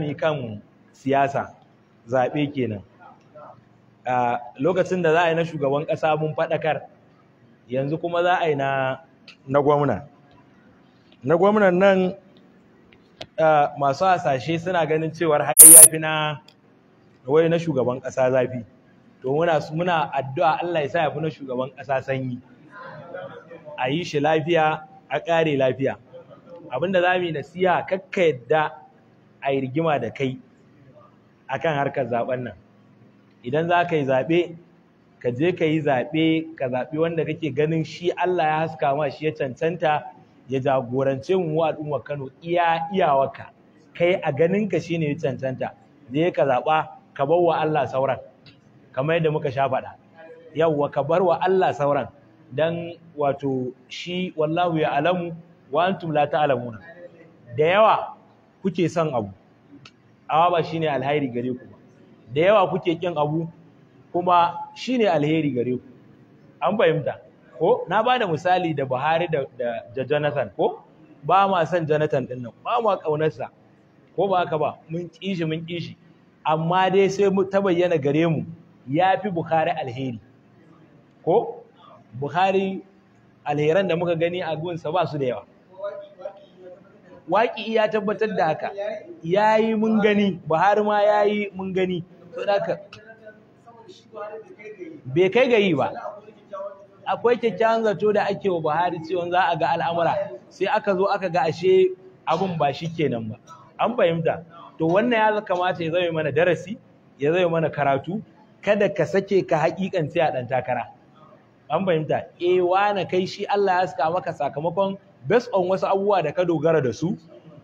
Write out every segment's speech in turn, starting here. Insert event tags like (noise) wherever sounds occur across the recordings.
ne kan siyasa zaɓe kenan a lokacin da za a yi na shugaban ƙasa mun faɗakar yanzu kuma za a yi na gwamna na gwamnan nan masu hasashe suna ganin cewar har ya fi na wai na shugaban ƙasa zafi to muna addu'a Allah ya sa ya fi na shugaban ƙasa sanyi a yi shi lafiya a ƙare lafiya abinda za mu yi nasiha kakka yadda a yi rigima da kai a kan harkar zaɓen nan idan za ka yi zaɓe ka je ka yi zaɓe ka zaɓe wanda kake ganin shi Allah ya haska ma shi ya cancanta ya jagorance mu al'umma Kano iya iyawaka kai a ganin ka ne ya cancanta je ka zaɓa ka bar wa Allah sauran kamar yadda muka sha faɗa yawwa ka bar wa Allah sauran dan wato shi wallahu ya alamu wa antum la ta'lamuna da yawa kuke son abu amma ba shine alheri gare ku ba da yawa kuke kin abu kuma shine alheri gare ku an fahimta ko na bada misali da Buhari da, da, Jonathan ko ba ma son Jonathan din nan ba ma ƙaunarsa? ko ba haka ba mun kishi mun kishi amma dai sai mu ta bayyana gare mu ya fi Buhari alheri ko Buhari alheran da muka gani a gunsa ba su da yawa waƙi ya tabbatar da haka yayi yi mun gani buhari ma ya mun gani bai kai ga yi ba akwai kyakkyawan zato da ake wa buhari cewa za a ga al'amura sai aka zo aka ga ashe abun ba shi kenan ba an fahimta to wannan ya kamata ya zama mana darasi ya zama mana karatu kada ka sake ka hakikanci a ɗan takara an fahimta eh na kai shi Allah ya saka maka sakamakon based on wasu abubuwa da ka dogara da su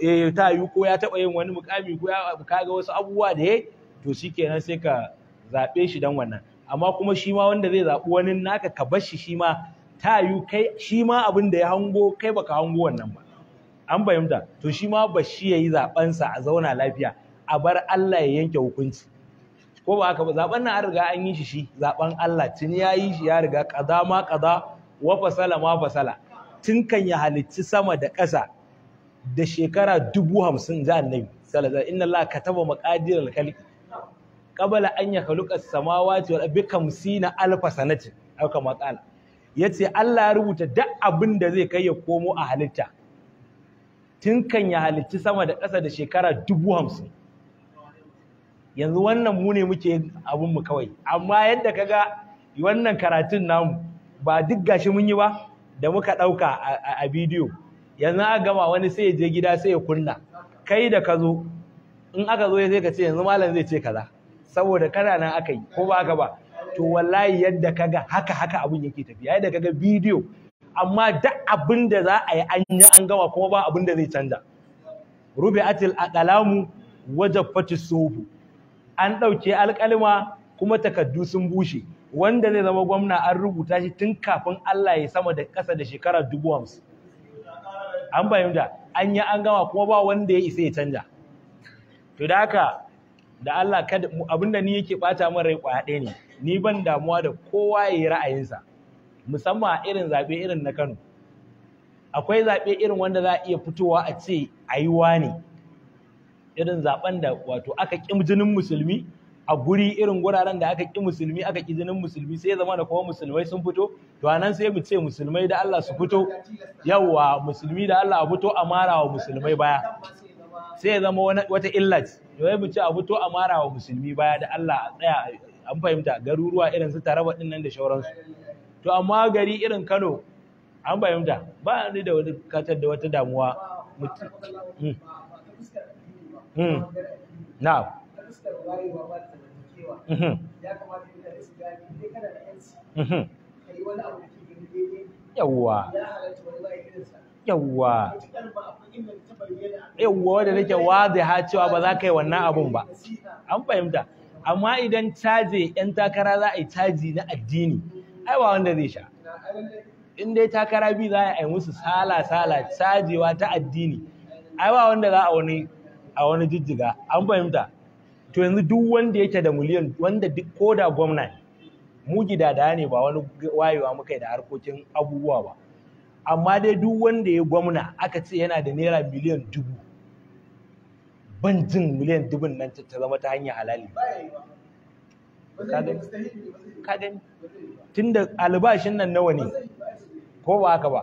eh ta yi ko ya taba yin wani mukami ko ya kaga wasu abubuwa da yayi to shikenan sai ka zabe shi dan wannan amma kuma shi ma wanda zai zabi wani naka ka bar shi shi ma ta yi kai shi ma abin da ya hango kai baka hango wannan ba an fahimta to shi ma ba shi yayi zaben sa a zauna lafiya a bar Allah ya yanke hukunci ko ba haka ba zaben nan an riga an yi shi shi zaben Allah tun ya yi shi ya riga kaza ma kaza wa fasala ma fasala tun kan ya halicci sama da ƙasa da shekara dubu hamsin za a nai, alaihi inna Allah ka taba al-khalqi qabla an yakhluqa as-samawati wal ardi 50 alf sanati aw maƙala ya ce Allah ya rubuta duk abin da zai kai ya komo a halitta tun kan ya halicci sama da ƙasa da shekara dubu hamsin yanzu wannan mu ne muke yin abin mu kawai amma yadda kaga wannan karatun namu ba duk gashi mun yi ba da muka ɗauka a bidiyo yanzu a gama wani sai ya je gida sai ya kunna kai da ka zo in aka zo ya sai ka ce yanzu malam zai ce kaza saboda kana nan aka yi ko ba aka ba to wallahi yadda ka ga haka haka abin yake tafiya yadda ka ga bidiyo amma duk abin da za a yi an yi an gama kuma ba abin da zai canza atil aqlamu wajaffatis suhuf an ɗauke alƙalma kuma takaddu sun bushe wanda zai zama gwamna an rubuta shi tun kafin Allah ya sama da ƙasa da shekara dubu hamsin an fahimta an yi an gama kuma ba wanda ya isa ya canja to da haka da Allah kada abinda ni yake bata min rai ƙwaya ɗaya ne ni ban damuwa da kowa ya yi ra'ayinsa musamman a irin zaɓe irin na Kano akwai zaɓe irin wanda za a iya fitowa a ce a yi ne irin zaɓen da wato aka ƙin jinin musulmi a guri irin guraren da aka ƙi musulmi aka ƙi jinin musulmi sai zama da kuma musulmai sun fito to anan sai mu ce musulmai da Allah su fito yawa musulmi da Allah a fito a mara wa musulmai baya sai ya zama wata illat sai mu ce a fito a mara wa musulmi baya da Allah a tsaya an fahimta garuruwa irin su taraba din nan da shauransu to amma gari irin Kano an fahimta ba ni da wani katar da wata damuwa hmm. Hmm. na'am fuskar wayewa ba yi wani abu ke gani daidai yawwa ya halatta wani ba cewa ba za ka yi wannan abun ba an fahimta amma idan caje yan takara za a yi caji na addini ai wanda zai sha in dai takara bi za a yi musu sala sala cajewa ta addini ai wanda za a wani jijjiga an fahimta to yanzu duk wanda yake da miliyan wanda duk ko da gwamna ne mu da ne ba wani wayewa muka yi da harkokin abubuwa ba amma dai duk wanda ya gwamna aka ce yana da naira miliyan dubu ban jin miliyan dubun nan ta zama ta hanyar halali ka gani tunda albashin nan nawa ne ko ba haka ba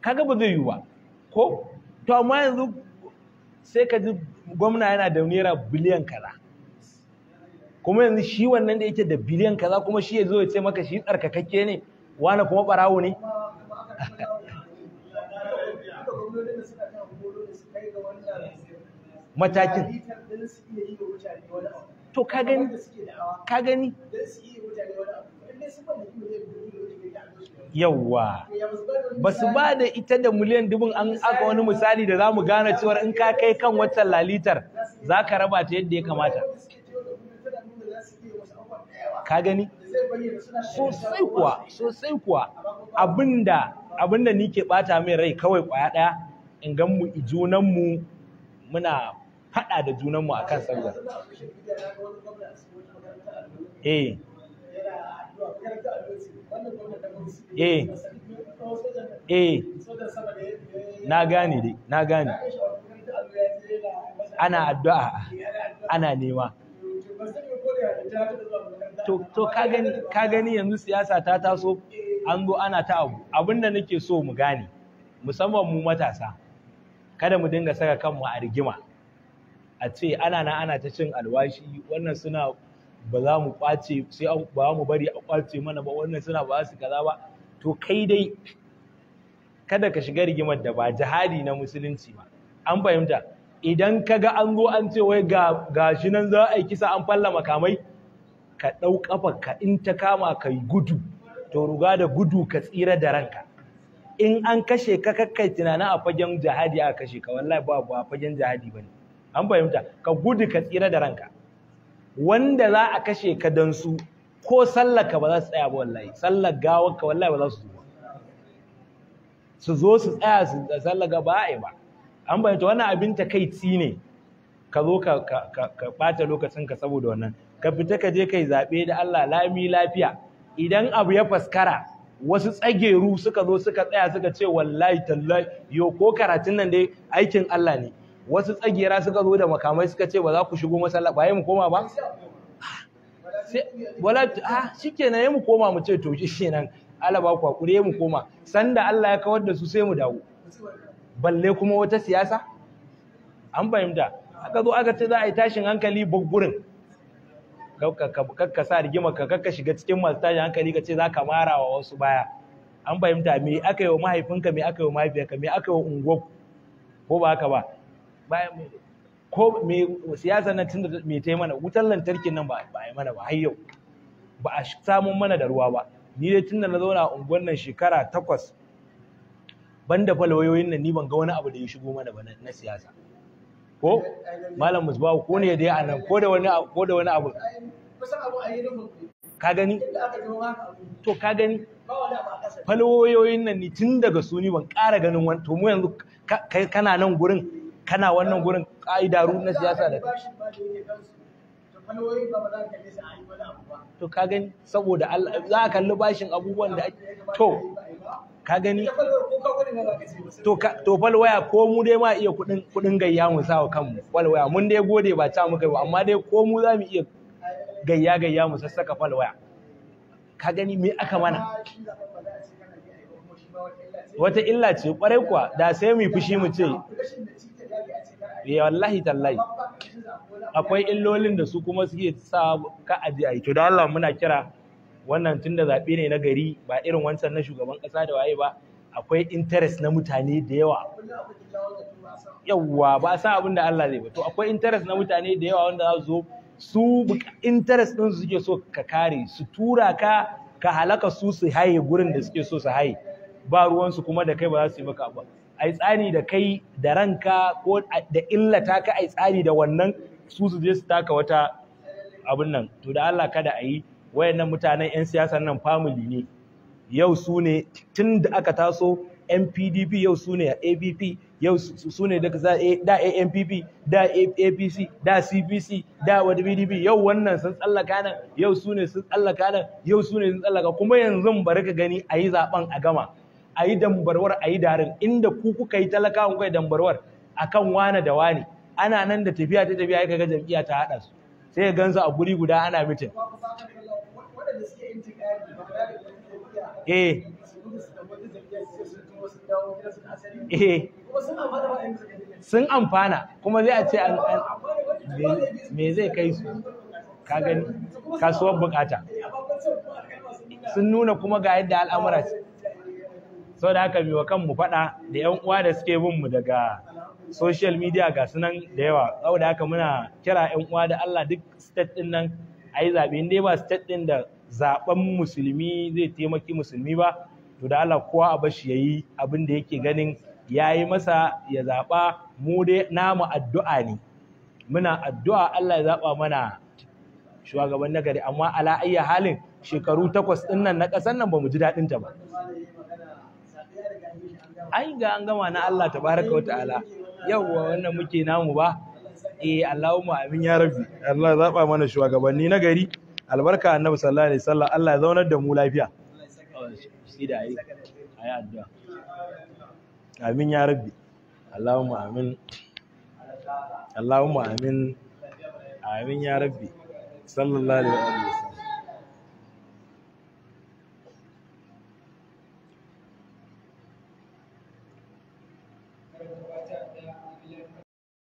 kaga ba zai yi ba ko to amma yanzu sai ka ji gwamna yana da naira biliyan kaza kuma yanzu shi wannan da yake da biliyan kaza kuma shi ya zo ya ce maka shi tsarkakakke ne wani kuma barawo ne (laughs) matakin to ka gani ka gani yawwa ba su ba da ita da miliyan dubin an aka wani misali da za mu gane cewar in ka kai kan watan lalitar za ka raba ta yadda ya kamata ka gani sosai kuwa sosai kuwa abinda abinda ni ke bata mai rai kawai kwaya daya in gan mu junan mu muna fada da junan mu akan sallah eh eh eh na gane dai na gane ana addu'a ana nema to ka gani ka gani yanzu siyasa ta taso an zo ana ta abu abinda nake so mu gane musamman mu matasa kada mu dinga saka kanmu a rigima a ce ana na ana ta cin alwashi wannan suna ba za mu kwace sai ba mu bari a kwace mana ba wannan suna ba su kaza ba to kai dai kada ka shiga rigimar da ba jihadi na musulunci ba an fahimta idan ka ga an zo an ce wai ga shi nan za a yi kisa an falla makamai ka ɗau ƙafarka in ta kama ka yi gudu to ruga da gudu ka tsira da ranka in an kashe ka kakkai tunanin a fagen jihadi a kashe ka wallahi ba a fagen jihadi ba ne. an fahimta ka gudu ka tsira da ranka wanda za a kashe ka don su ko sallar ka ba za su tsaya ba wallahi sallar gawar ka wallahi ba za su zo su zo su tsaya su sallar ga ba a yi ba an fahimta wannan abin ta kai ne ka zo ka ɓata lokacin ka saboda wannan ka fita ka je kai zaɓe da Allah lami lafiya idan abu ya faskara wasu tsageru suka zo suka tsaya suka ce wallahi tallahi yo ko karatun nan dai aikin Allah ne wasu tsagera suka zo da makamai suka ce ba za ku shigo masallaci ba mu koma ba wala ah shikenan yi mu koma mu ce to shikenan Allah ba ku hakuri yi mu koma sanda Allah ya kawar da su sai mu dawo balle kuma wata siyasa an fahimta aka zo aka ce za a yi tashin hankali gurin kakka sa rigima ka kakka shiga cikin masu tashin hankali ka ce za ka mara wa wasu baya an fahimta me aka yi wa mahaifinka me aka yi wa mahaifiyarka me aka yi wa unguwar ko ba haka ba Bayan ko me siyasa nan tun da me ta yi mana wutar lantarkin nan ba a yi mana ba har yau ba a samun mana da ruwa ba ni dai tun da na zauna a unguwar nan shekara takwas ban da falawayoyin nan ni ban ga wani abu da ya shigo mana ba na siyasa ko malam musbahu ko ne dai anan ko da wani ko da wani abu ka gani to ka gani falwoyoyin nan ni tun daga su ni ban ƙara ganin wani to mu yanzu kai kana nan gurin kana wannan gurin ƙa'idaru na siyasa da to ka gani saboda za a kalli bashin abubuwan da to ka gani to to falwaya ko mu dai ma iya kudin kudin gayya mu sa wa kanmu falwaya mun dai gode ba ta muka ba amma dai ko mu za mu iya gayya gayya mu sassaka falwaya ka gani me aka mana wata illa ce kwarai kuwa da sai mu fushi mu ce eh wallahi tallahi akwai illolin da su kuma suke sa ka aji ai to da Allah muna kira wannan tunda zaɓe ne na gari ba irin wancan na shugaban ƙasa da waye ba akwai interest na mutane da yawa Yawa ba a sa abin da Allah zai ba to akwai interest na mutane da yawa wanda za su zo su interest ɗin su suke so ka kare su tura ka ka halaka su su haye gurin da suke so su haye ba ruwansu kuma da kai ba za su yi maka ba ai tsani da kai da ranka ko da illata ka ai tsani da wannan su su je su taka wata abin nan to da Allah kada a yi wayannan mutanen 'yan siyasar nan family ne yau su ne tun da aka taso NPDP yau su ne a ABP yau su ne eh, da ANPP da APC da CPC da WDP yau wannan sun tsallaka nan yau su ne sun tsallaka nan yau su ne sun tsallaka kuma yanzu bari ka gani a yi zaben a gama a yi dambarwar a yi darin inda ku kuka yi talakawan kuka yi dambarwar akan wane da wane ana nan da tafiya ta tafiya ya kaga jam'iyya ta haɗa su sai ya gansu a guri guda ana mitin Eh. eh sun amfana kuma zai a ce an me zai kai su ka gani kasuwar bukata sun nuna kuma ga yadda al'amura ce sau da haka wa kanmu faɗa da 'yan uwa da suke bin mu daga social media ga sunan da yawa sau da haka muna kira 'yan uwa da Allah duk state din nan a yi zaɓe in dai ba state ɗin da zaben musulmi zai taimaki musulmi ba to da Allah kowa a bashi yayi abin da yake ganin yayi masa ya zaba mu dai namu addu'a ne muna addu'a Allah ya zaba mana shugaban nagari amma ala ayya halin shekaru takwas din nan na kasan nan bamu ji dadin ta ba ai ga an gama na Allah tabaraka wa ta'ala yawwa wannan muke namu ba eh Allahumma amin ya rabbi Allah ya zaba mana shugabanni nagari albarka annabi sallallahu alaihi wasallam Allah ya zaunar da mu lafiya amin ya rabbi Allahumma amin Allahumma amin amin ya rabbi sallallahu alaihi wasallam